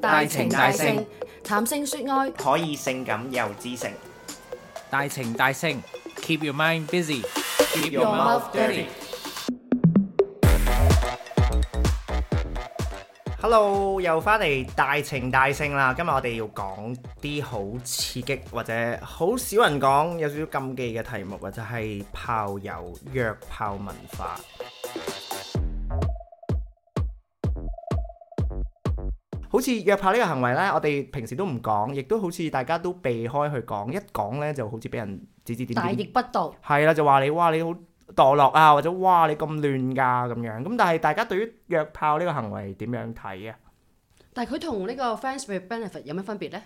大情大性，談性說愛可以性感又知性。大情大性，keep your mind busy，keep your mouth dirty。Hello，又翻嚟大情大性啦。今日我哋要講啲好刺激或者好少人講，有少少禁忌嘅題目，或者係炮友約炮文化。好似約炮呢個行為呢，我哋平時都唔講，亦都好似大家都避開去講。一講呢，就好似俾人指指點點，大逆不道。係啦，就話你哇你好墮落啊，或者哇你咁亂㗎咁樣。咁但係大家對於約炮呢個行為點樣睇啊？但係佢同呢個 friends with benefit 有咩分別呢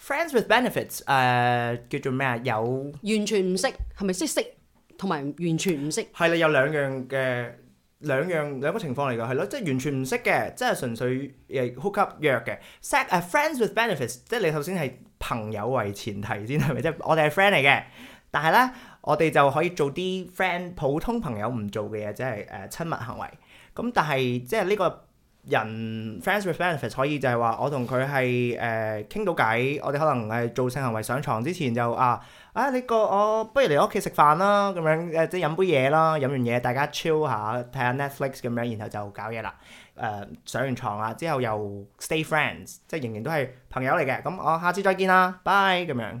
？Friends with benefits 誒叫做咩啊？有完全唔識係咪？識識同埋完全唔識係你有兩樣嘅。兩樣兩個情況嚟㗎，係咯，即係完全唔識嘅，即係純粹誒 hook up 約嘅，set 誒 friends with benefits，即係你頭先係朋友為前提先係咪？即係我哋係 friend 嚟嘅，但係咧我哋就可以做啲 friend 普通朋友唔做嘅嘢，即係誒親密行為。咁但係即係呢、這個。人 friends with benefits 可以就係話我同佢係誒傾到偈。我哋可能係做性行為上床之前就啊啊，你個我不如嚟我屋企食飯啦，咁樣誒、呃、即係飲杯嘢啦，飲完嘢大家 chill 下睇下 Netflix 咁樣，然後就搞嘢啦，誒上完床啦之後，又 stay friends 即係仍然都係朋友嚟嘅，咁我下次再見啦，bye 咁樣。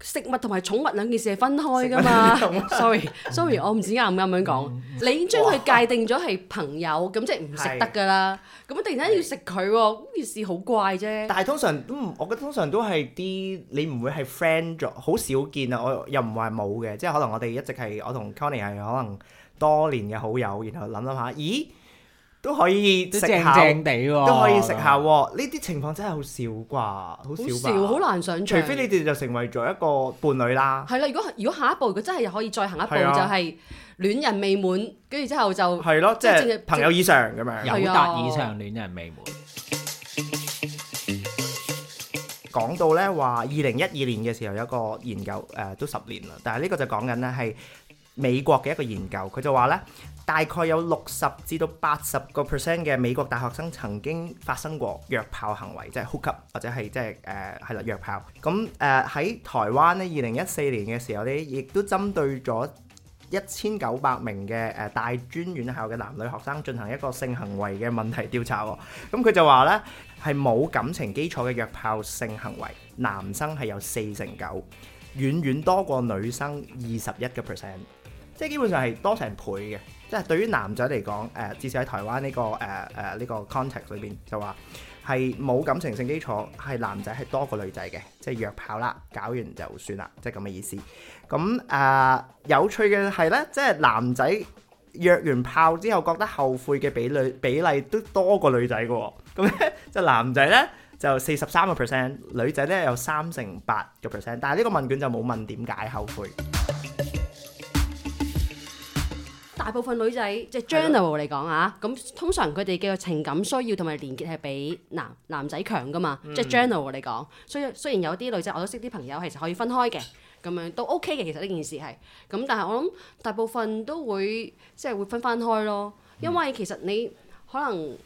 食物同埋寵物兩件事係分開㗎嘛，sorry sorry，我唔知啱唔啱咁講，你已經將佢界定咗係朋友，咁、嗯、即係唔食得㗎啦，咁、嗯、突然間要食佢喎，呢件事好怪啫。但係通常都唔，我覺得通常都係啲你唔會係 friend 咗，好少見啊，我又唔話冇嘅，即係可能我哋一直係我同 Conny 係可能多年嘅好友，然後諗諗下，咦？都可以食下地喎，都可以食下喎。呢啲情況真係好少啩，好少少，好難想像。除非你哋就成為咗一個伴侶啦。係啦，如果如果下一步佢真係又可以再行一步，就係戀人未滿，跟住之後就係咯，即係朋友以上咁樣，友達以上戀人未滿。講到呢話，二零一二年嘅時候有個研究，誒都十年啦，但係呢個就講緊呢係美國嘅一個研究，佢就話呢。大概有六十至到八十個 percent 嘅美國大學生曾經發生過約炮行為，即係 hookup，或者係即係誒係啦，約炮咁誒，喺台灣呢，二零一四年嘅時候呢，亦都針對咗一千九百名嘅誒、呃、大專院校嘅男女學生進行一個性行為嘅問題調查喎。咁佢就話，呢係冇感情基礎嘅約炮性行為，男生係有四成九，遠遠多過女生二十一個 percent，即係基本上係多成倍嘅。即係對於男仔嚟講，誒、呃、至少喺台灣呢、這個誒誒呢個 context 裏邊，就話係冇感情性基礎，係男仔係多過女仔嘅，即係約炮啦，搞完就算啦，即係咁嘅意思。咁、嗯、誒、呃、有趣嘅係呢，即係男仔約完炮之後覺得後悔嘅比，比女比例都多過女仔嘅、哦，咁、嗯、咧 就男仔呢，就四十三個 percent，女仔呢，有三成八個 percent，但係呢個問卷就冇問點解後悔。大部分女仔，即係 general 嚟講的啊，咁通常佢哋嘅情感需要同埋連結係比男男仔強噶嘛，即係、嗯、general 嚟講。所以雖然有啲女仔，我都識啲朋友其實可以分開嘅，咁樣都 OK 嘅。其實呢件事係，咁但係我諗大部分都會即係會分翻開咯，因為其實你可能。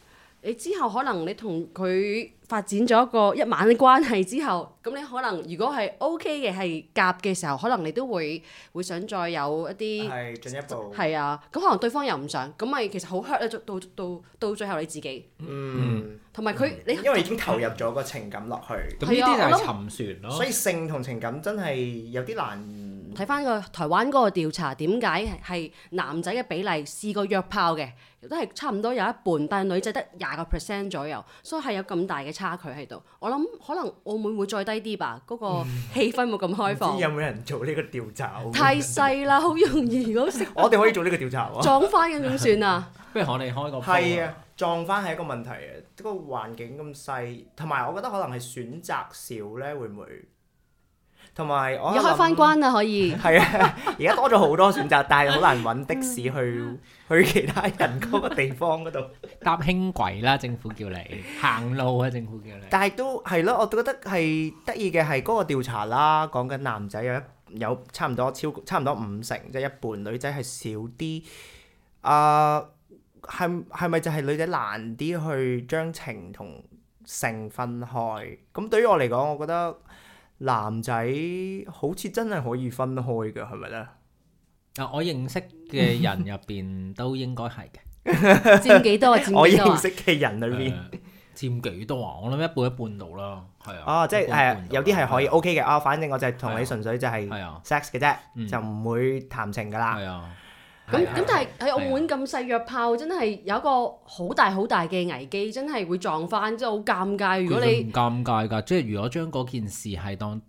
你之後可能你同佢發展咗一個一晚嘅關係之後，咁你可能如果係 OK 嘅係夾嘅時候，可能你都會會想再有一啲係、哎、進一步，係啊，咁可能對方又唔想，咁咪其實好 hurt 到到到最後你自己，嗯，同埋佢你因為已經投入咗個情感落去，咁呢啲就係沉船咯，所以性同情感真係有啲難。睇翻個台灣嗰個調查，點解係男仔嘅比例試過約炮嘅亦都係差唔多有一半，但係女仔得廿個 percent 左右，所以係有咁大嘅差距喺度。我諗可能澳門會再低啲吧，嗰個氣氛冇咁開放。嗯、知有冇人做呢個調查？太細啦，好容易如果我哋可以做呢個調查 撞翻嘅點算啊？ 不如我哋開個係啊！撞翻係一個問題啊！嗰個環境咁細，同埋我覺得可能係選擇少咧，會唔會？同埋我而家開翻關啦，可以係啊！而家 多咗好多選擇， 但係好難揾的士去 去其他人嗰個地方嗰度 搭輕軌啦。政府叫你行路啊，政府叫你。 但係都係咯，我覺得係得意嘅係嗰個調查啦，講緊男仔有一有差唔多超差唔多五成，即係一半女仔係少啲。啊、呃，係係咪就係女仔難啲去將情同性分開？咁對於我嚟講，我覺得。男仔好似真係可以分開嘅，係咪咧？啊，我認識嘅人入邊 都應該係嘅。 佔幾多啊、呃、佔幾多啊？我認識嘅人裏邊佔幾多啊？我諗一半一半到囉，係啊。哦，即係誒，有啲係可以 OK 嘅。啊、哦，反正我就係同你純粹就係 sex 嘅啫，啊嗯、就唔會談情噶啦。咁咁，但係喺澳門咁細約炮，真係有一個好大好大嘅危機，真係會撞翻，真係好尷尬。如果你尷尬㗎，即係如果將嗰件事係當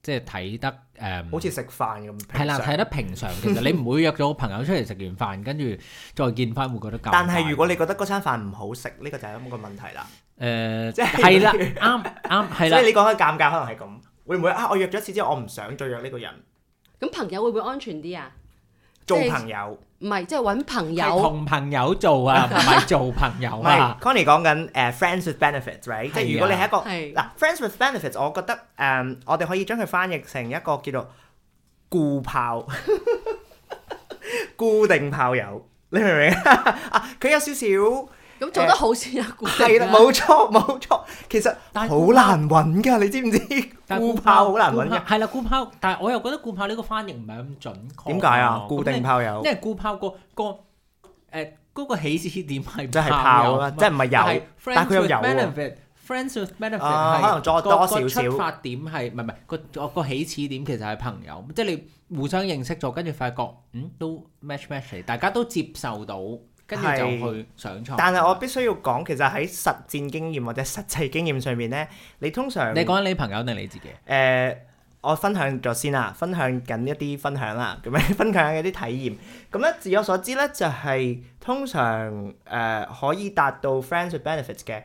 即係睇得誒，好似食飯咁。係啦，睇得平常。其實你唔會約咗朋友出嚟食完飯，跟住再見翻會覺得尷尬。但係如果你覺得嗰餐飯唔好食，呢個就係一個問題啦。誒，即係係啦，啱啱係啦。即係你講開尷尬，可能係咁。會唔會啊？我約咗一次之後，我唔想再約呢個人。咁朋友會唔會安全啲啊？做朋友。唔係，即係揾朋友，係同朋友做啊，唔係做朋友啊。Connie 講緊誒，friends with benefits，right？即係如果你係一個嗱，friends with benefits，我覺得誒，我哋可以將佢翻譯成一個叫做固砲、固定砲友，你明唔明？啊，佢有少少。咁做得好先啊！係啦、啊，冇錯冇錯，其實好難揾噶，你知唔知？但固炮好難揾嘅，係啦，固炮。但係我又覺得固炮呢個翻譯唔係咁準確。點解啊？固定炮友。因為固炮、個個誒嗰個起始點係即係炮啦，即係唔係友？但佢是有，有 benefit，啊。friend 佢 with benefit，friends with benefit 係可能再多少少。出發點係唔係唔係個個起始點其實係朋友，即係你互相認識咗，跟住發覺嗯都 match match 嚟，大家都接受到。跟住就去上床。但係我必須要講，其實喺實戰經驗或者實際經驗上面咧，你通常你講緊你朋友定你自己？誒、呃，我分享咗先啦，分享緊一啲分享啦，咁 樣分享緊一啲體驗。咁咧，自我所知咧，就係、是、通常誒、呃、可以達到 friends with benefits 嘅。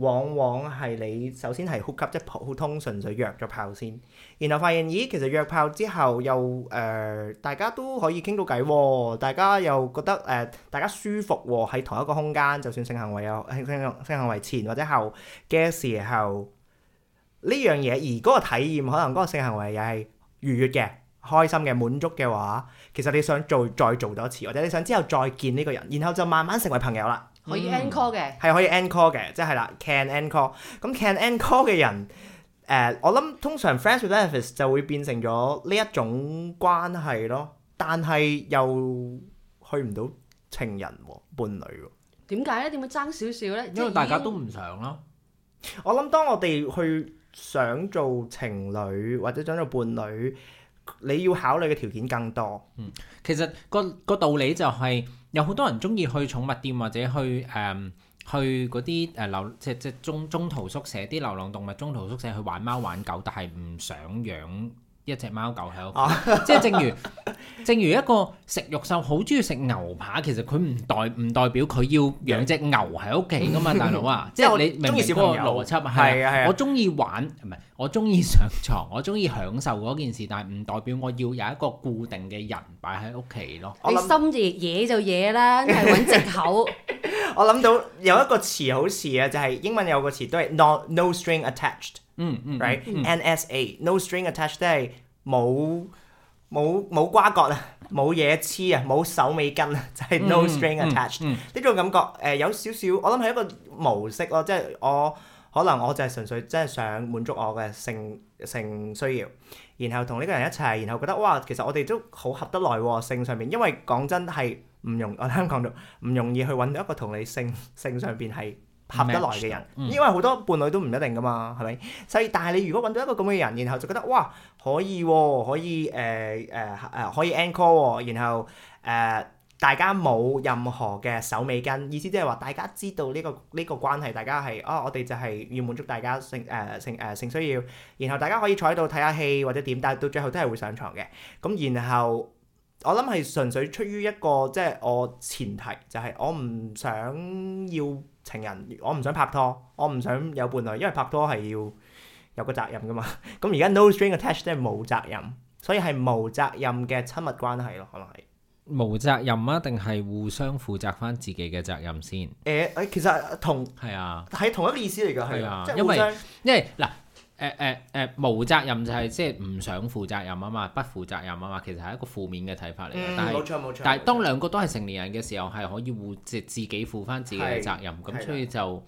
往往係你首先係 hook up，即係普通純粹約咗炮先，然後發現咦，其實約炮之後又誒、呃，大家都可以傾到偈喎，大家又覺得誒、呃，大家舒服喎、哦，喺同一個空間，就算性行為有性性行為前或者後嘅時候，呢樣嘢而嗰個體驗，可能嗰個性行為又係愉悅嘅、開心嘅、滿足嘅話，其實你想做再做多次，或者你想之後再見呢個人，然後就慢慢成為朋友啦。可以 encore 嘅，係、嗯、可以 encore 嘅，即係啦，can encore。咁 can encore 嘅人，誒、呃，我諗通常 friends with benefits 就會變成咗呢一種關係咯。但係又去唔到情人喎、哦，伴侶喎、哦。呢，點解咧？點會爭少少咧？因為大家都唔、啊、想咯。我諗當我哋去想做情侶或者想做伴侶，你要考慮嘅條件更多。嗯，其實、那個個道理就係、是。有好多人中意去寵物店，或者去誒、呃、去嗰啲誒流即即中中途宿舍啲流浪動物中途宿舍，去玩貓玩狗，但係唔想養一隻貓狗喺屋企， 即係正如。正如一個食肉獸好中意食牛扒，其實佢唔代唔代表佢要養隻牛喺屋企㗎嘛，大佬啊！即係你明個邏輯係我中意玩，唔係我中意上床，我中意享受嗰件事，但係唔代表我要有一個固定嘅人擺喺屋企咯。你心野野就野啦，係揾藉口。我諗到有一個詞好似啊，就係英文有個詞都係 no no string attached，嗯嗯，right NSA No String Attached 係冇。冇冇瓜葛啊，冇嘢黐啊，冇手尾根啊，就係、是、no string attached 呢、嗯嗯嗯、種感覺誒、呃，有少少我諗係一個模式咯、啊，即係我可能我就係純粹即係想滿足我嘅性性需要，然後同呢個人一齊，然後覺得哇，其實我哋都好合得來喎、啊，性上面，因為講真係唔容易我啱講到唔容易去揾到一個同你性性上邊係合得來嘅人，嗯、因為好多伴侶都唔一定㗎嘛，係咪？所以但係你如果揾到一個咁嘅人，然後就覺得哇可以、哦、可以，呃呃呃、可以誒誒可以 anchor，然後誒、呃、大家冇任何嘅手尾跟意思即係話大家知道呢、這個呢、這個關係，大家係啊，我哋就係要滿足大家性誒、呃、性誒、呃、性需要，然後大家可以坐喺度睇下戲或者點，但係到最後都係會上牀嘅。咁然後我諗係純粹出於一個即係、就是、我前提，就係、是、我唔想要。情人，我唔想拍拖，我唔想有伴侶，因為拍拖係要有個責任噶嘛。咁而家 No String Attached 即係冇責任，所以係冇責任嘅親密關係咯，可能係冇責任啊？定係互相負責翻自己嘅責任先？誒，誒，其實同係啊，係同一個意思嚟㗎，係啊，啊因，因為因為嗱。誒誒誒，無責任就係即係唔想負責任啊嘛，不負責任啊嘛，其實係一個負面嘅睇法嚟嘅。嗯，冇錯冇錯。但係當兩個都係成年人嘅時候，係可以互即自己負翻自己嘅責任，咁所以就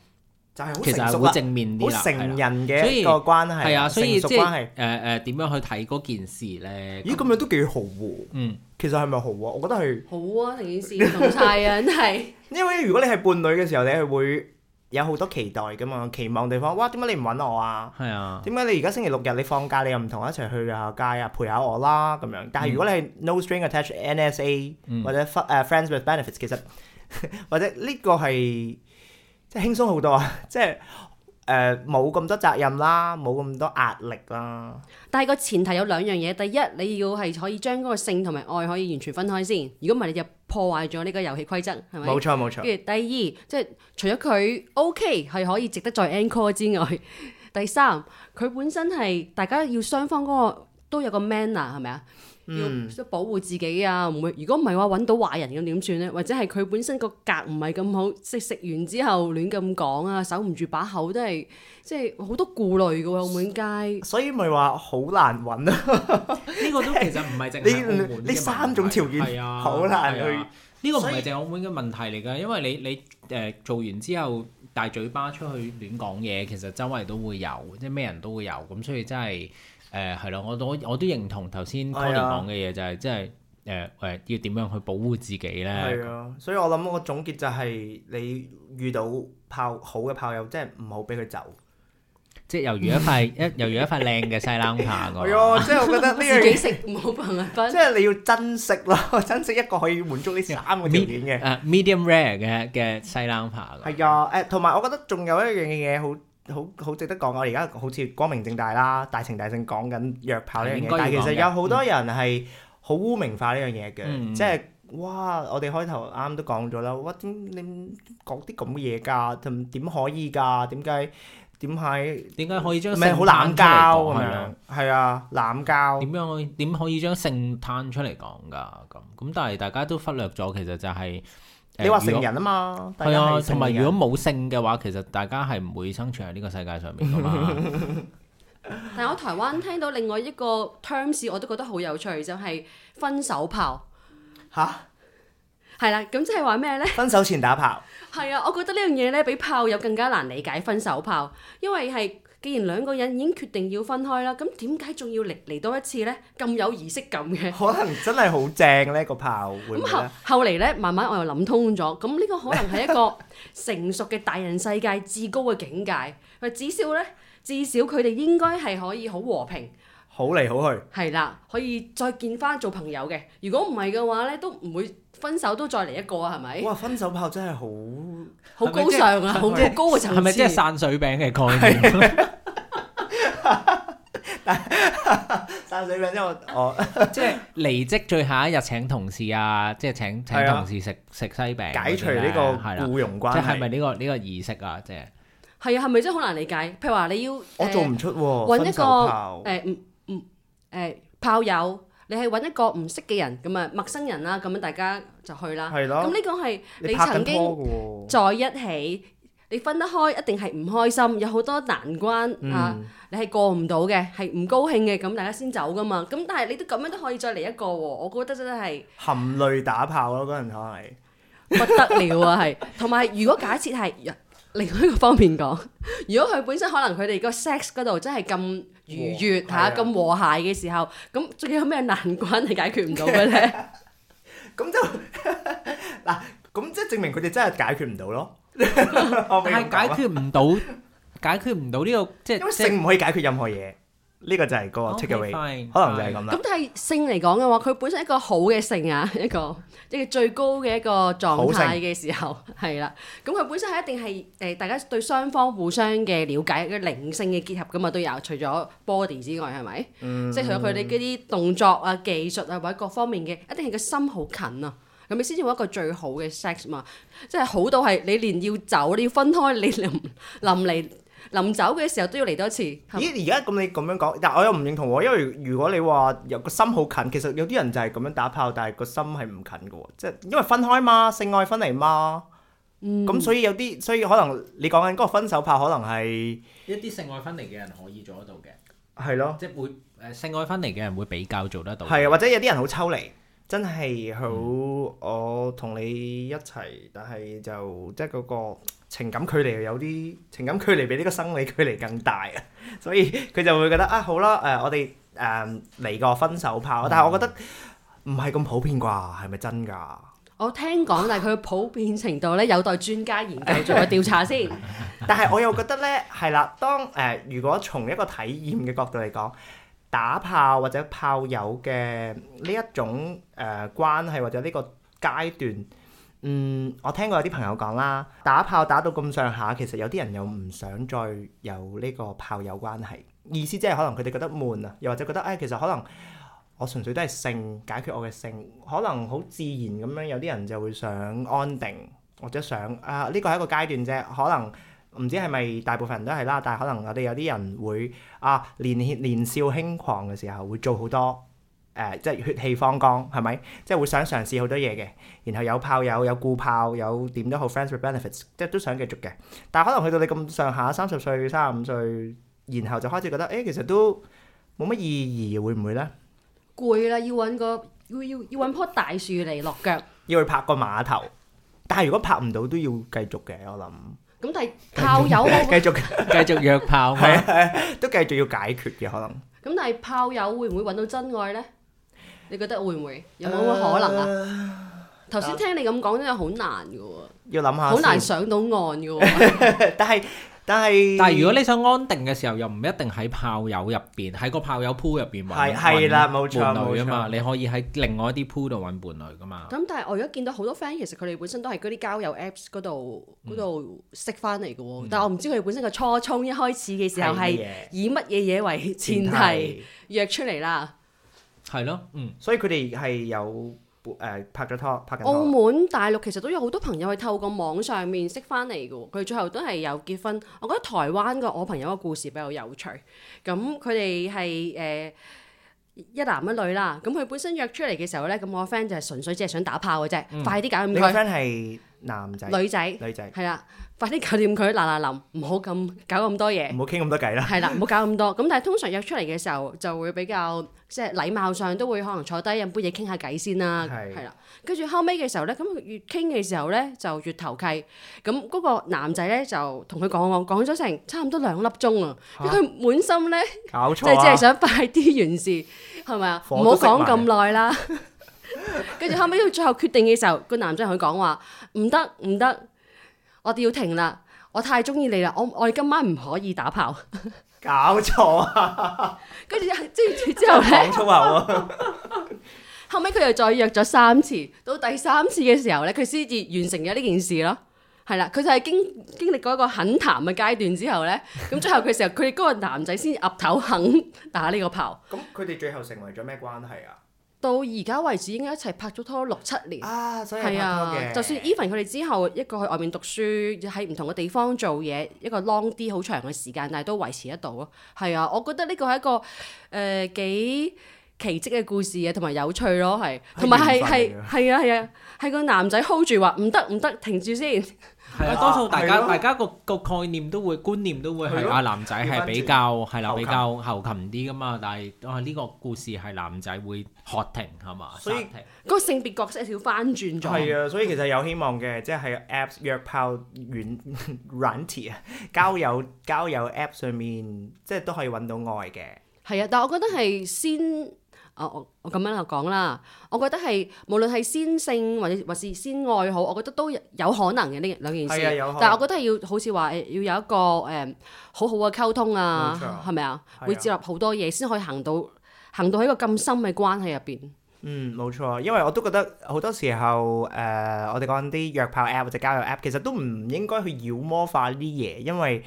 就係其實係會正面啲啦，成人嘅個關係係啊，所以即係誒誒點樣去睇嗰件事咧？咦，咁樣都幾豪喎！嗯，其實係咪豪啊？我覺得係好啊，成件事好曬啊，因為如果你係伴侶嘅時候，你係會。有好多期待嘅嘛，期望地方，哇！點解你唔搵我啊？點解是、啊、你而家星期六日你放假你又唔同我一齊去下街啊，陪下我啦咁樣。但係如果你係 no string attached NSA、嗯、或者、uh, friends with benefits，其實 或者呢個係即係輕鬆好多啊，即 係、即係。誒，冇咁、呃、多責任啦，冇咁多壓力啦。但係個前提有兩樣嘢，第一你要係可以將嗰個性同埋愛可以完全分開先，如果唔係你就破壞咗呢個遊戲規則，係咪？冇錯冇錯。跟住第二，即、就、係、是、除咗佢 OK 係可以值得再 encore 之外，第三佢本身係大家要雙方嗰個都有個 manner 係咪啊？嗯、要識保護自己啊！唔會，如果唔係話揾到壞人咁點算咧？或者係佢本身個格唔係咁好，食食完之後亂咁講啊，守唔住把口都係，即係好多顧慮嘅喎、啊。澳門、嗯、街，所以咪話好難揾啊。呢 個都其實唔係淨係澳門嘅問題。呢三種條件，啊，好難去。呢個唔係淨係澳門嘅問題嚟㗎，因為你你誒、呃、做完之後大嘴巴出去亂講嘢，其實周圍都會有，即係咩人都會有。咁所以真係。誒係咯，我我我都認同頭先 Tony 講嘅嘢，就係即係誒誒要點樣去保護自己咧？係啊，所以我諗我總結就係你遇到炮好嘅炮友，即係唔好俾佢走。即係猶如一塊一猶如一塊靚嘅西冷扒。係啊，即係我覺得呢樣幾食冇辦法分。即係你要珍惜咯，珍惜一個可以滿足呢三個條件嘅。誒 medium rare 嘅嘅西冷扒。係啊，誒同埋我覺得仲有一樣嘢好。好好值得講，我而家好似光明正大啦，大情大性講緊約炮呢樣嘢，但係其實有好多人係好污名化呢樣嘢嘅，嗯、即係哇！我哋開頭啱都講咗啦，哇！點你講啲咁嘅嘢㗎？同點可以㗎？點解點係？點解可以將咩好濫交咁樣？係啊，濫交點樣？點可以將性攤出嚟講㗎？咁咁，但係大家都忽略咗，其實就係、是。嗯、你話成人啊嘛，係果啊，同埋如果冇性嘅話，其實大家係唔會生存喺呢個世界上面噶嘛。 但係我台灣聽到另外一個 terms，我都覺得好有趣，就係、是、分手炮。嚇！係啦，咁即係話咩呢？分手前打炮。係啊，我覺得呢樣嘢呢，比炮友更加難理解分手炮，因為係既然兩個人已經決定要分開啦，咁點解仲要嚟嚟多一次呢？咁有儀式感嘅。可能真係好正呢個炮。咁會會 後後嚟呢，慢慢我又諗通咗，咁呢個可能係一個成熟嘅大人世界至高嘅境界。 至少呢，至少佢哋應該係可以好和平，好嚟好去。係啦，可以再見翻做朋友嘅。如果唔係嘅話呢，都唔會。分手都再嚟一個啊，係咪？哇！分手炮真係好，好高尚啊，好高嘅層次。係咪即係散水餅嘅概念？散水餅，因為我即係離職最後一日請同事啊，即係請請同事食食西餅，解除呢個僱傭關係，係咪呢個呢個儀式啊？即係係啊，係咪真係好難理解？譬如話你要，我做唔出喎，揾一個誒嗯嗯誒炮友。你係揾一個唔識嘅人，咁啊，陌生人啦，咁樣大家就去啦。係咯的。咁呢個係你曾經在一起，你，你分得開一定係唔開心，有好多難關嚇、嗯啊，你係過唔到嘅，係唔高興嘅，咁大家先走㗎嘛。咁但係你都咁樣都可以再嚟一個喎，我覺得真係含淚打炮咯，嗰陣可能係不得了啊，係。 同埋如果假設係另外一個方面講，如果佢本身可能佢哋個 sex 嗰度真係咁。愉悅嚇咁和諧嘅時候，咁仲、嗯、有咩難關係解決唔到嘅咧？咁 樣就嗱，咁即係證明佢哋真係解決唔到咯。但係 解決唔到， 解決唔到呢個即係。即係、因為性唔可以解決任何嘢。呢個就係個 takeaway，Okay, 可能就係咁啦。咁但係性嚟講嘅話，佢本身一個好嘅性啊，一個即係最高嘅一個狀態嘅時候，係啦性。咁佢本身係一定係誒、呃，大家對雙方互相嘅了解，一個靈性嘅結合噶嘛，都有。除咗 body 之外，係咪？即係除佢哋嗰啲動作啊、技術啊，或者各方面嘅，一定係個心好近啊。咁你先至會一個最好嘅 sex 嘛。即係好到係你連要走、你要分開，你臨臨嚟。臨走嘅時候都要嚟多次。咦？而家咁你咁樣講，但我又唔認同喎，因為如果你話有個心好近，其實有啲人就係咁樣打炮，但係個心係唔近嘅喎，即係因為分開嘛，性愛分離嘛。嗯。咁所以有啲，所以可能你講緊嗰個分手炮可能係一啲性愛分離嘅人可以做得到嘅。係咯的。即係會誒，性愛分離嘅人會比較做得到。係啊，或者有啲人好抽離，真係好、嗯、我同你一齊，但係就即係嗰個。情感距離，有啲情感距離比呢個生理距離更大啊，所以佢就會覺得啊，好啦，誒、呃、我哋誒嚟個分手炮。嗯、但係我覺得唔係咁普遍啩，係咪真㗎？我聽講，但係佢普遍程度咧，有待專家研究做個調查先。 但係我又覺得咧，係啦，當誒、呃、如果從一個體驗嘅角度嚟講，打炮或者炮友嘅呢一種誒、呃、關係或者呢個階段。嗯，我聽過有啲朋友講啦，打炮打到咁上下，其實有啲人又唔想再有呢個炮友關係。意思即係可能佢哋覺得悶啊，又或者覺得誒、哎，其實可能我純粹都係性解決我嘅性，可能好自然咁樣。有啲人就會想安定，或者想誒，啊，呢個係一個階段啫。可能唔知係咪大部分人都係啦，但係可能我哋有啲人會啊，年年少輕狂嘅時候會做好多。誒，即係血氣方剛，係咪？即係會想嘗試好多嘢嘅，然後有炮友，有固炮，有點都好，friends with benefits，即係都想繼續嘅。但係可能去到你咁上下，三十歲、三十五歲，然後就開始覺得，誒，其實都冇乜意義，會唔會咧？攰啦，要揾個要要要揾棵大樹嚟落腳，要去拍個碼頭，但係如果拍唔到都要繼續嘅，我諗。咁但係炮友，繼續繼續約炮，係啊，都繼續要解決嘅可能。咁但係炮友會唔會揾到真愛咧？你覺得會唔會有冇可能啊？頭先、呃、聽你咁講真係好難㗎喎，要諗下，好難上到岸㗎喎。但係但係，但係如果你想安定嘅時候，又唔一定喺炮友入邊，喺個炮友鋪入邊揾伴侶啊嘛。你可以喺另外一啲鋪度揾伴侶噶嘛。咁但係我而家見到好多 friend 其實佢哋本身都係嗰啲交友 apps 嗰度度識翻嚟嘅喎，但係我唔知佢哋本身嘅初衷、嗯、一開始嘅時候係以乜嘢嘢為前提約出嚟啦。係咯，嗯、所以佢哋係有誒、呃、拍咗拖，拍緊。澳門、大陸其實都有好多朋友係透過網上面識翻嚟嘅，佢最後都係有結婚。我覺得台灣個我朋友個故事比較有趣。咁佢哋係誒一男一女啦。咁佢本身約出嚟嘅時候咧，咁我 friend 就係純粹只係想打炮嘅啫，嗯、快啲搞。你 friend 係？男仔、女仔、女仔，係啦，快啲搞掂佢嗱嗱臨，唔好咁搞咁多嘢，唔好傾咁多偈啦。係啦，唔好搞咁多。咁 但係通常約出嚟嘅時候就會比較即係禮貌上都會可能坐低飲杯嘢傾下偈先啦。係啦的，跟住後尾嘅時候咧，咁越傾嘅時候咧就越投契。咁嗰個男仔咧就同佢講講咗成差唔多兩粒鐘蛤啊，佢滿心咧，即係只係想快啲完事，係咪啊？唔好講咁耐啦。跟住 後尾佢最後決定嘅時候，個男仔同佢講話。唔得唔得，我哋要停啦！我太中意你啦，我我哋今晚唔可以打炮。 搞錯啊！跟 住 之後咧講粗口喎。 後尾佢又再約咗三次，到第三次嘅時候咧，佢先至完成咗呢件事咯。係啦，佢就係經經歷過一個很淡嘅階段之後咧，咁最後嘅時候，佢哋嗰 個男仔先岌頭肯打呢個炮。咁佢哋最後成為咗咩關係啊？到而家為止，應該一齊拍咗拖六七年。啊，所以拍拖，啊、就算 even 佢哋之後一個去外面讀書，喺唔同嘅地方做嘢，一個 long 啲好長嘅時、時間，但係都維持得到咯。係啊，我覺得呢個係一個誒、呃、幾奇蹟嘅故事嘅，同埋有、有趣咯。係，同埋係係係啊係啊、係、啊、個男仔 hold 住話唔得唔得，停住先。係多數大家、啊、大家個個概念都會觀念都會係啊的男仔係比較係啦琴，比較後勤啲㗎嘛。但係啊呢、這個故事係男仔會喝停係嘛，所以停個性別角色少翻轉咗。係啊，所以其實有希望嘅，即、就、係、是、Apps 約炮軟 Ranty 啊， 交友 交友 App 上面即係都可以揾到愛嘅。係啊，但係我覺得係先。哦、我我咁樣就講啦，我覺得係無論係先性或者或是先愛好，我覺得都有可能嘅呢兩件事。但係我覺得係要好似話誒，要有一個誒、呃、好好嘅溝通啊，係咪啊？是是的會接納好多嘢先可以行到行到喺一個咁深嘅關係入邊。嗯，冇錯，因為我都覺得好多時候誒、呃，我哋講啲約炮 App 或者交友 App，其實都唔應該去妖魔化呢啲嘢，因為，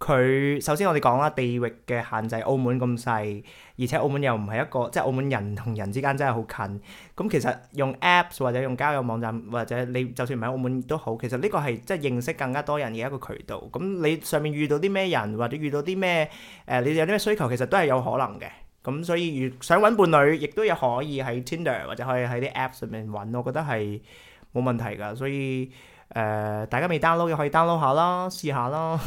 佢首先我哋講啦，地域嘅限制，澳門咁細，而且澳門又唔係一個，即係澳門人同人之間真係好近。咁其實用 Apps 或者用交友網站，或者你就算唔喺澳門都好，其實呢個係即係認識更加多人嘅一個渠道。咁你上面遇到啲咩人，或者遇到啲咩誒，你有啲咩需求，其實都係有可能嘅。咁所以如想搵伴侶，亦都有可以喺 Tinder 或者可以喺啲 Apps 上面搵，我覺得係冇問題㗎。所以誒、呃，大家未 download 嘅可以 download 下啦，試下啦。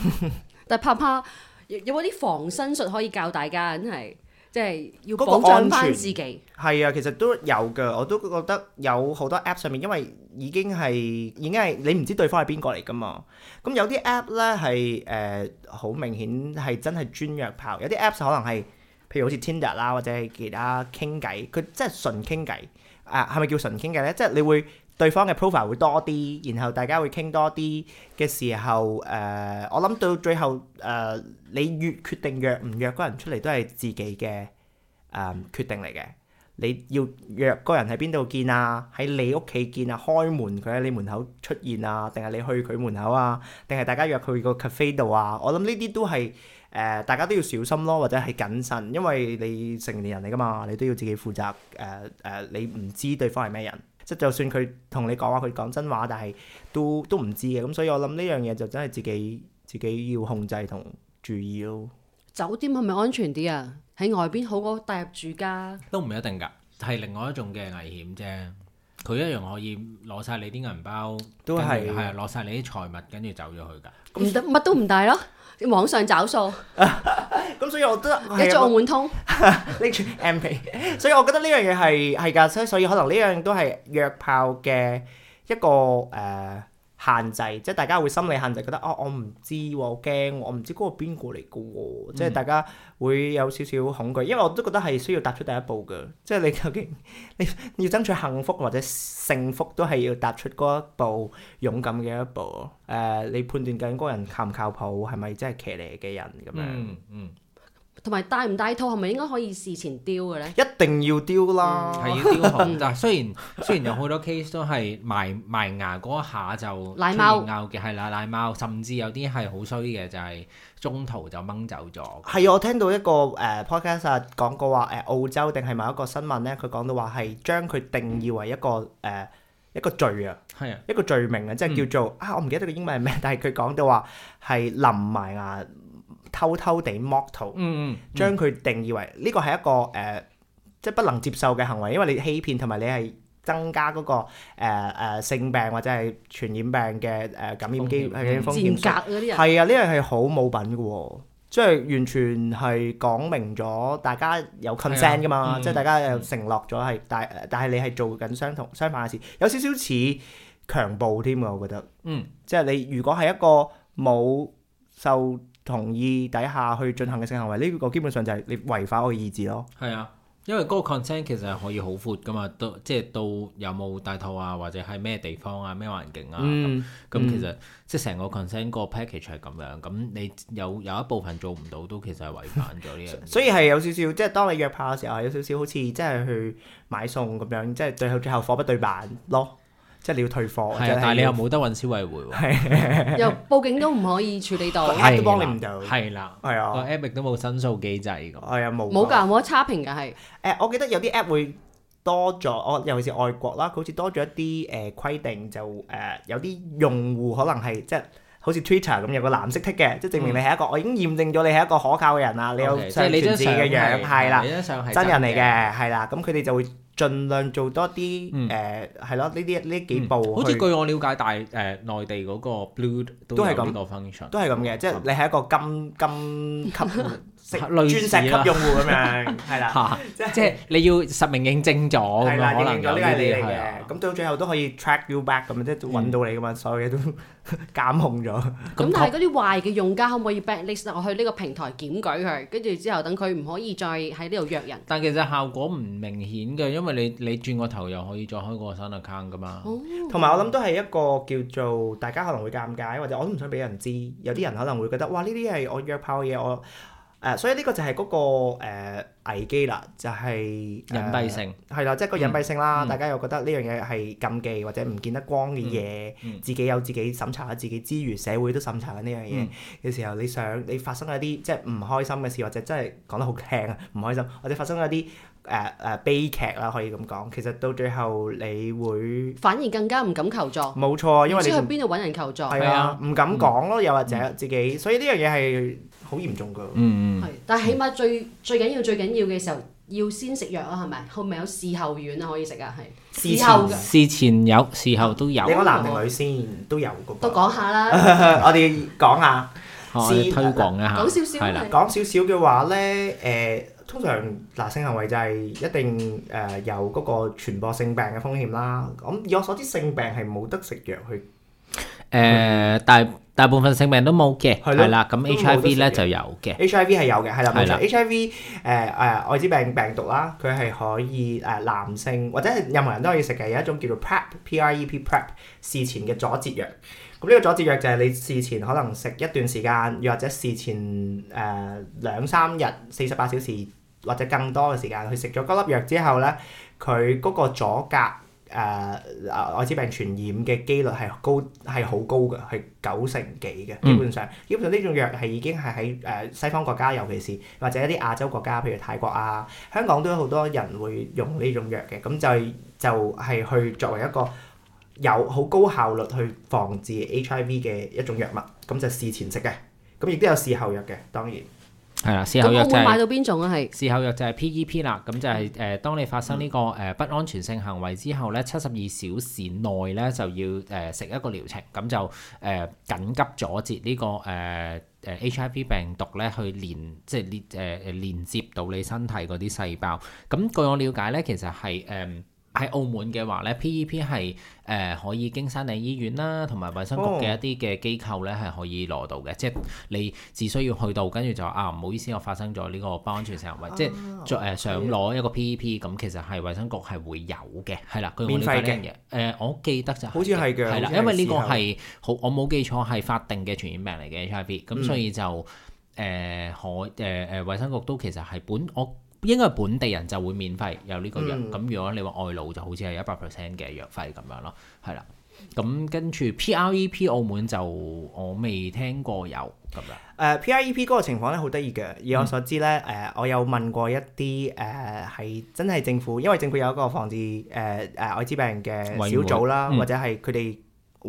但拍拍有冇啲防身術可以教大家？真係即係要保障翻自己。係啊，其實都有噶，我都覺得有好多 app 上面，因為已經係已經係你唔知對方係邊個嚟噶嘛。咁有啲 app 咧係誒好明顯係真係專約炮，有啲 app 可能係，譬如好似 Tinder 啦或者係其他傾偈，佢真係純傾偈。誒、啊，係咪叫純傾偈咧？即係你會。對方嘅 profile 會多啲，然後大家會傾多啲嘅時候，誒、呃，我諗到最後，誒、呃，你越決定約唔約嗰人出嚟，都係自己嘅誒、呃、決定嚟嘅。你要約嗰人喺邊度見啊？喺你屋企見啊？開門佢喺你門口出現啊？定係你去佢門口啊？定係大家約佢個 cafe 度啊？我諗呢啲都係誒、呃，大家都要小心咯，或者係謹慎，因為你成年人嚟㗎嘛，你都要自己負責。誒、呃、誒、呃，你唔知對方係咩人。即就算佢同你講話佢講真話，但係都都唔知嘅。咁所以我諗呢樣嘢就真係自己自己要控制同注意咯。酒店係咪安全啲啊？喺外邊好過帶入住家都唔一定㗎，係另外一種嘅危險啫。佢一樣可以攞晒你啲銀包，都係係攞晒你啲財物，跟住走咗去㗎。唔得，乜都唔帶咯。網上找數，咁所以我覺得一追澳門通拎住 MP，所以我覺得呢樣嘢係係㗎，所以所以可能呢樣都係約炮嘅一個誒、呃限制，即係大家會心理限制，覺得啊、哦，我唔知喎，驚我，唔知嗰個邊個嚟嘅喎，嗯、即係大家會有少少恐懼，因為我都覺得係需要踏出第一步嘅，即係你究竟你要爭取幸福或者性福都係要踏出嗰一步勇敢嘅一步，誒、呃，你判斷緊嗰人靠唔靠譜，係咪真係騎呢嘅人咁樣。嗯嗯同埋戴唔戴套係咪應該可以事前丟嘅咧？一定要丟啦，係、嗯、要丟套。 但係雖然雖然有好多 case 都係埋埋牙嗰一下就拉嘅，係貓啦，拉貓，甚至有啲係好衰嘅，就係、是、中途就掹走咗。係啊，我聽到一個誒、uh, podcast 講過話誒澳洲定係某一個新聞咧，佢講到話係將佢定義為一個誒、uh, 一個罪啊，係啊、嗯，一個罪名啊，即係叫做、嗯、啊，我唔記得個英文係咩，但係佢講到話係臨埋牙。偷偷地剝套，嗯、將佢定義為呢個係一個誒，即、呃、係、就是、不能接受嘅行為，因為你欺騙同埋你係增加嗰、那個誒、呃呃、性病或者係傳染病嘅誒感染機風險。係啊，呢樣係好冇品嘅，即係完全係講明咗大家有 consent 嘛，即係大家又承諾咗係，嗯、但但係你係做緊相同相反嘅事，有少少似強暴添啊，我覺得。嗯，即係你如果係一個冇受同意底下去進行嘅性行為呢、這個基本上就係你違反我嘅意志咯。係啊、嗯，因為嗰個 consent 其實係可以好闊噶嘛，到即係到有冇戴套啊，或者係咩地方啊、咩環境啊，咁其實即係成個 consent 個 package 係咁樣。咁你有有一部分做唔到，都其實係違反咗呢樣。所以係有少少，即係當你約炮嘅時候，有少少好似即係去買餸咁樣，即係最後最後貨不對板咯。即係你要退貨，但係你又冇得搵消委會，又報警都唔可以處理到，係都幫你唔到，係啦，係啊，App 都冇申訴機制嘅，係啊冇冇㗎，冇得差評㗎係。誒，我記得有啲 App 會多咗，我尤其是外國啦，佢好似多咗一啲誒規定，就誒有啲用戶可能係即係好似 Twitter 咁有個藍色 tick 嘅，即係證明你係一個我已經驗證咗你係一個可靠嘅人啊，你有真名字嘅樣，係啦，真人嚟嘅，係啦，咁佢哋就會。盡量做多啲誒係咯，呢啲呢幾步、嗯、好似據我了解，大誒內、呃、地嗰個 Blued 都係呢個 function 都係咁嘅，即係你係一個金、嗯、金級、 嗯。鑽石級用戶咁樣，係啦，即係你要實名認證咗。係啦，認證咗呢個係你嚟嘅。咁到最後都可以 track you back 咁樣，即係揾到你噶嘛，嗯、所有嘢都監控咗。咁但係嗰啲壞嘅用家可唔可以 blacklist？我去呢個平台檢舉佢，跟住之後等佢唔可以再喺呢度約人。但其實效果唔明顯嘅，因為你你轉個頭又可以再開個新 account 噶嘛。同埋、哦、我諗都係一個叫做大家可能會尷尬，或者我都唔想俾人知。有啲人可能會覺得哇，呢啲係我約炮嘢我。誒，所以呢個就係嗰個誒危機啦，就係隱蔽性係啦，即係個隱蔽性啦。大家又覺得呢樣嘢係禁忌或者唔見得光嘅嘢，自己有自己審查緊，自己之餘社會都審查緊呢樣嘢嘅時候，你想你發生一啲即係唔開心嘅事，或者真係講得好聽啊唔開心，或者發生一啲誒誒悲劇啦，可以咁講。其實到最後你會反而更加唔敢求助，冇錯，因為你知道邊度揾人求助係啊？唔敢講咯，又或者自己，所以呢樣嘢係。好嚴重噶，嗯，係，但係起碼最最緊要最緊要嘅時候，要先食藥啊，係咪？後咪有事後丸可以食啊？係事後，事前有，事後都有。你講男定女先都有個。都講下啦，我哋講下。我哋推廣一下，講少少係啦。講少少嘅話咧，誒，通常男性行為就係一定誒有嗰個傳播性病嘅風險啦。咁以我所知，性病係冇得食藥去。誒、呃、大大部分性病都冇嘅，係啦的。咁 HIV 咧就有嘅，HIV 係有嘅，係啦。的 HIV 誒、呃、誒、呃、愛滋病病毒啦，佢係可以誒、呃、男性或者係任何人都可以食嘅。有一種叫做 PrEP、PrEP、e、PrEP 事前嘅阻截藥。咁、嗯、呢、這個阻截藥就係你事前可能食一段時間，又或者事前誒兩三日、四十八小時或者更多嘅時間去食咗嗰粒藥之後咧，佢嗰個阻隔。誒誒，艾滋、uh，病傳染嘅機率係高係好高嘅，係九成幾嘅。基本上，基本上呢種藥係已經係喺誒西方國家，尤其是或者一啲亞洲國家，譬如泰國啊、香港都有好多人會用呢種藥嘅。咁就係就係、是、去作為一個有好高效率去防治 HIV 嘅一種藥物。咁就事前食嘅，咁亦都有事後藥嘅，當然。係啦，事後藥劑，咁我會買到邊種啊？係事後藥就係 PEP 啦，咁就係、是、誒、呃，當你發生呢、這個誒、呃、不安全性行為之後咧，七十二小時內咧就要誒、呃、食一個療程，咁就誒緊、呃、急阻截呢、這個誒誒、呃、HIV 病毒咧去連即係連誒連接到你身體嗰啲細胞。咁據我了解咧，其實係誒。呃喺澳門嘅話咧，P E P 係誒、呃、可以經山頂醫院啦，同埋衞生局嘅一啲嘅機構咧係可以攞到嘅，哦、即係你只需要去到，跟住就，啊唔好意思，我發生咗呢個不安全性行為，啊、即係誒想攞一個 P E P，咁其實係衞生局係會有嘅，係啦，佢免費嘅誒，我記得就好似係，係啦，因為呢個係好，我冇記錯係法定嘅傳染病嚟嘅 H I V，咁所以就誒可誒誒衞生局都其實係本我。應該本地人就會免費有呢個藥，咁、嗯、如果你話外勞就好似係一百 percent 嘅藥費咁樣咯，係啦。咁跟住 PREP 澳門就我未聽過有咁啦。誒 PREP 嗰個情況咧好得意嘅，以我所知咧誒、嗯呃，我有問過一啲誒係真係政府，因為政府有一個防治誒誒艾滋病嘅小組啦，嗯、或者係佢哋。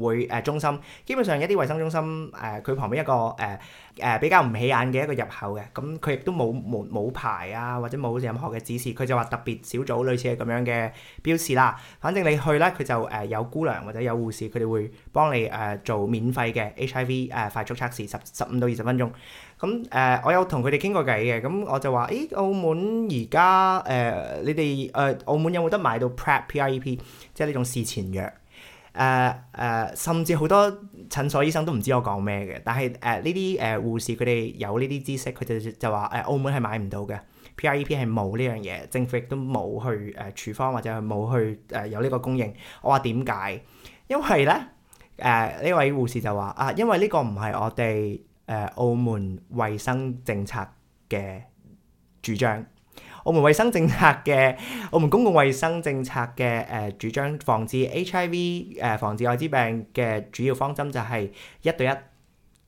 會誒中心，基本上一啲衞生中心誒佢、呃、旁邊一個誒誒、呃呃、比較唔起眼嘅一個入口嘅，咁佢亦都冇門冇牌啊，或者冇任何嘅指示，佢就話特別小組類似係咁樣嘅標示啦。反正你去咧，佢就誒、呃、有姑娘或者有護士，佢哋會幫你誒、呃、做免費嘅 HIV 誒、呃、快速測試，十十五到二十分鐘。咁、嗯、誒、呃，我有同佢哋傾過偈嘅，咁、嗯、我就話：誒澳門而家誒你哋誒、呃、澳門有冇得買到 PrEP 即係呢種事前藥？誒誒、呃，甚至好多診所醫生都唔知我講咩嘅，但係誒呢啲誒護士佢哋有呢啲知識，佢哋就話誒、呃、澳門係買唔到嘅，PrEP 係冇呢樣嘢，政府亦都冇去誒處方或者係冇去誒、呃、有呢個供應。我話點解？因為咧誒呢、呃、位護士就話啊、呃，因為呢個唔係我哋誒、呃、澳門衞生政策嘅主張。澳門衞生政策嘅，澳門公共衞生政策嘅誒、呃，主張防治 HIV 誒、呃，防治愛滋病嘅主要方針就係一對一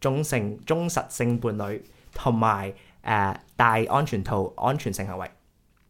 忠誠忠實性伴侶同埋誒戴安全套安全性行為，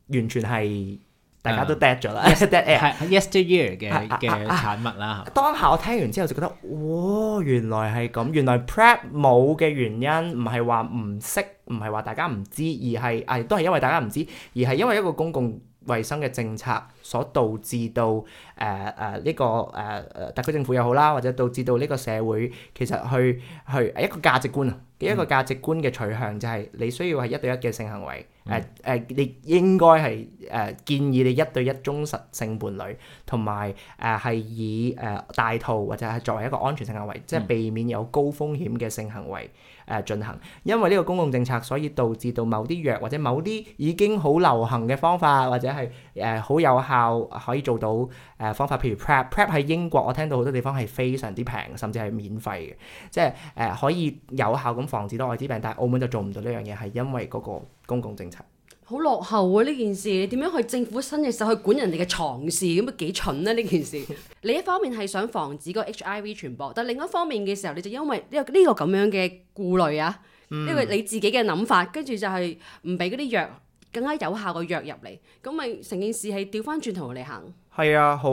完全係。大家都 dead 咗啦，係 yesterday 嘅嘅產物啦。當下我聽完之後就覺得，哇！原來係咁，原來 prep 冇嘅原因唔係話唔識，唔係話大家唔知，而係啊，亦都係因為大家唔知，而係因為一個公共衞生嘅政策所導致到誒誒呢個誒誒特區政府又好啦，或者導致到呢個社會其實去去一個價值觀啊嘅一個價值觀嘅取向就係你需要係一對一嘅性行為，誒誒，你應該係。誒、呃、建議你一對一忠實性伴侶，同埋誒係以誒戴套或者係作為一個安全性行為，即係避免有高風險嘅性行為誒進、呃、行。因為呢個公共政策，所以導致到某啲藥或者某啲已經好流行嘅方法，或者係誒好有效可以做到誒、呃、方法，譬如 PrEP，PrEP 喺英國我聽到好多地方係非常之平，甚至係免費嘅，即係誒、呃、可以有效咁防止到艾滋病。但係澳門就做唔到呢樣嘢，係因為嗰個公共政策。好落後喎、啊！呢件事，你點樣去政府伸隻手去管人哋嘅床事咁幾蠢咧、啊？呢件事， 你一方面係想防止個 HIV 傳播，但另一方面嘅時候，你就因為呢、這個呢、這個咁樣嘅顧慮啊，因為、嗯、你自己嘅諗法，跟住就係唔俾嗰啲藥更加有效嘅藥入嚟，咁咪成件事係調翻轉頭嚟行。係啊，好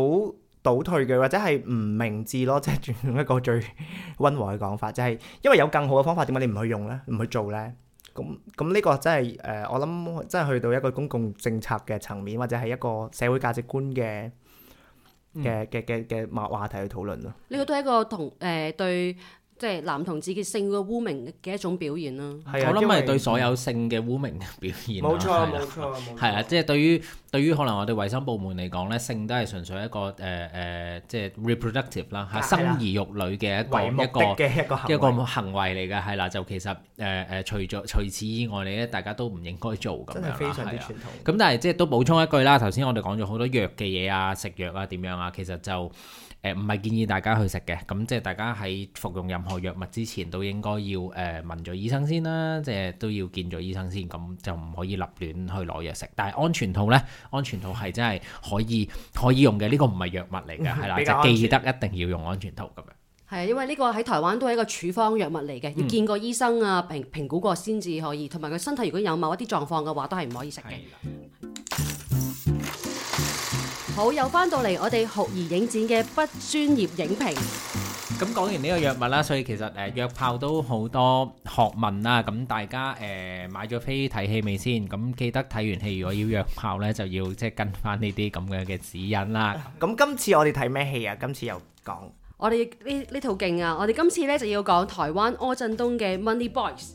倒退嘅，或者係唔明智咯，即係轉用一個最溫和嘅講法，就係、是、因為有更好嘅方法，點解你唔去用呢？唔去做呢？咁咁呢個真係誒、呃，我諗真係去到一個公共政策嘅層面，或者係一個社會價值觀嘅嘅嘅嘅嘅話題去討論咯。呢、嗯、個都係一個同誒、呃、對。即係男同志嘅性嘅污名嘅一種表現啦、啊。係、啊、我諗係對所有性嘅污名嘅表現、啊。冇錯，冇、啊、錯。係啊，錯啊，即係對於對於可能我哋衞生部門嚟講咧，性都係純粹一個誒誒、呃呃，即係 reproductive 啦嚇，啊、生兒育女嘅一個一個一個，一個行為嚟嘅，係啦、啊，就其實誒誒，除咗除此以外，咧大家都唔應該做咁樣啦、啊。真係非常之傳統。咁、啊、但係即係都補充一句啦，頭先我哋講咗好多藥嘅嘢啊，食藥啊點樣啊，其實就。誒唔係建議大家去食嘅，咁即係大家喺服用任何藥物之前都應該要誒、呃、問咗醫生先啦，即係都要見咗醫生先，咁就唔可以立亂去攞藥食。但係安全套呢？安全套係真係可以可以用嘅，呢、這個唔係藥物嚟嘅，係啦，就記得一定要用安全套咁樣。係啊，因為呢個喺台灣都係一個處方藥物嚟嘅，嗯、要見過醫生啊，評評估過先至可以，同埋佢身體如果有某一啲狀況嘅話，都係唔可以食嘅。好，又翻到嚟我哋酷兒影展嘅不專業影評。咁講完呢個藥物啦，所以其實誒約炮都好多學問啦。咁大家誒、呃、買咗飛睇戲未先？咁記得睇完戲如果要約炮呢，就要即係跟翻呢啲咁樣嘅指引啦。咁、啊、今次我哋睇咩戲啊？今次又講我哋呢呢套勁啊！我哋今次呢，就要講台灣柯震東嘅 Money Boys。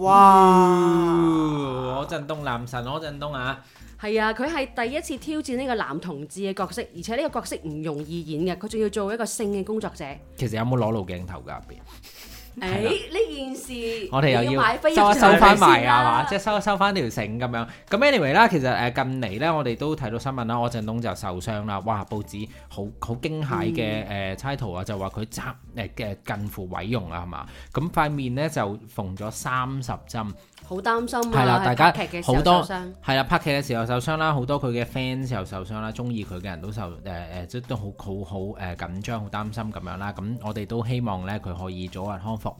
哇、哦！柯震東男神，柯震東啊！係啊，佢係第一次挑戰呢個男同志嘅角色，而且呢個角色唔容易演嘅，佢仲要做一個性嘅工作者。其實有冇裸露鏡頭㗎入邊？誒、 啊，呢件事我哋們又要收收翻埋啊嘛，即係收一收翻條繩咁樣。咁 anyway 啦，其實誒、呃、近嚟咧，我哋都睇到新聞啦，柯震東就受傷啦。哇，報紙好好驚嚇嘅誒插圖啊，呃嗯、就話佢扎誒嘅近乎毀容啊，係嘛？咁塊面咧就縫咗三十針。好擔心喎、啊，係啦、啊，大家好多係啦，拍劇嘅時候受傷啦，好多佢嘅 fans 又受傷啦、啊，中意佢嘅人都受誒誒，即、呃呃、都好好好誒、呃、緊張，好擔心咁樣啦、啊。咁我哋都希望咧，佢可以早日康復。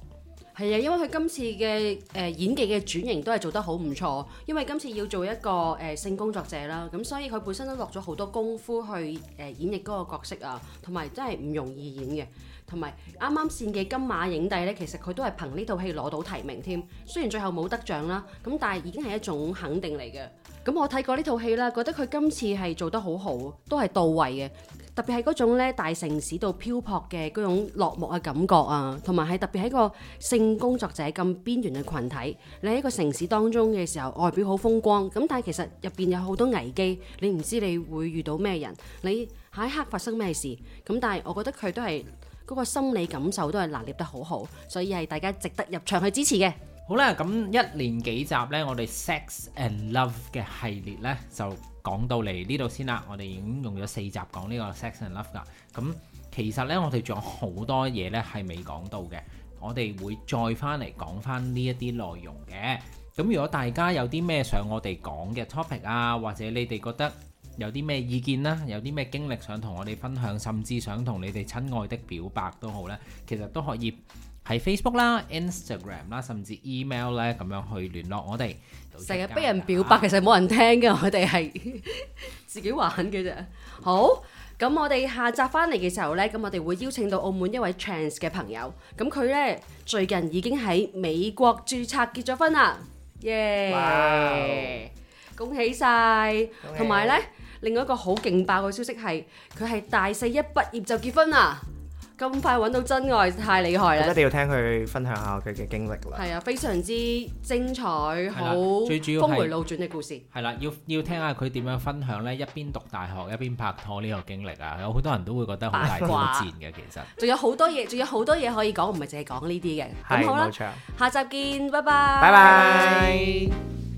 係啊，因為佢今次嘅誒、呃、演技嘅轉型都係做得好唔錯，因為今次要做一個誒、呃、性工作者啦，咁所以佢本身都落咗好多功夫去誒、呃、演繹嗰個角色啊，同埋真係唔容易演嘅，同埋啱啱綫嘅金馬影帝呢，其實佢都係憑呢套戲攞到提名添，雖然最後冇得獎啦，咁但係已經係一種肯定嚟嘅。咁我睇過呢套戲啦，覺得佢今次係做得好好，都係到位嘅。特別係嗰種咧，大城市度漂泊嘅嗰種落寞嘅感覺啊，同埋係特別係個性工作者咁邊緣嘅群體，你喺個城市當中嘅時候，外表好風光，咁但係其實入邊有好多危機，你唔知你會遇到咩人，你下一刻發生咩事，咁但係我覺得佢都係嗰個心理感受都係拿捏得好好，所以係大家值得入場去支持嘅。好啦，咁一連幾集呢，我哋 Sex and Love 嘅系列呢，就講到嚟呢度先啦。我哋已經用咗四集講呢個 Sex and Love 啦。咁、嗯、其實呢，我哋仲有好多嘢呢係未講到嘅，我哋會再翻嚟講翻呢一啲內容嘅。咁如果大家有啲咩想我哋講嘅 topic 啊，或者你哋覺得，有啲咩意見啦？有啲咩經歷想同我哋分享，甚至想同你哋親愛的表白都好咧，其實都可以喺 Facebook 啦、Instagram 啦，甚至 email 咧咁樣去聯絡我哋。成日畀人表白，其實冇人聽嘅，我哋係自己玩嘅啫。好，咁我哋下集翻嚟嘅時候咧，咁我哋會邀請到澳門一位 trans 嘅朋友，咁佢咧最近已經喺美國註冊結咗婚啦，耶！恭喜晒，同埋咧～另外一個好勁爆嘅消息係，佢係大四一畢業就結婚啦，咁快揾到真愛太厲害啦！一定要聽佢分享下佢嘅經歷啦。係啊，非常之精彩，好最主要！峰回路轉嘅故事。係啦，要要聽下佢點樣分享呢？一邊讀大學一邊拍拖呢個經歷啊，有好多人都會覺得好八卦、好賤嘅其實。仲 有好多嘢，仲有好多嘢可以講，唔係淨係講呢啲嘅。係是，冇錯。下集見，拜拜。拜拜 bye。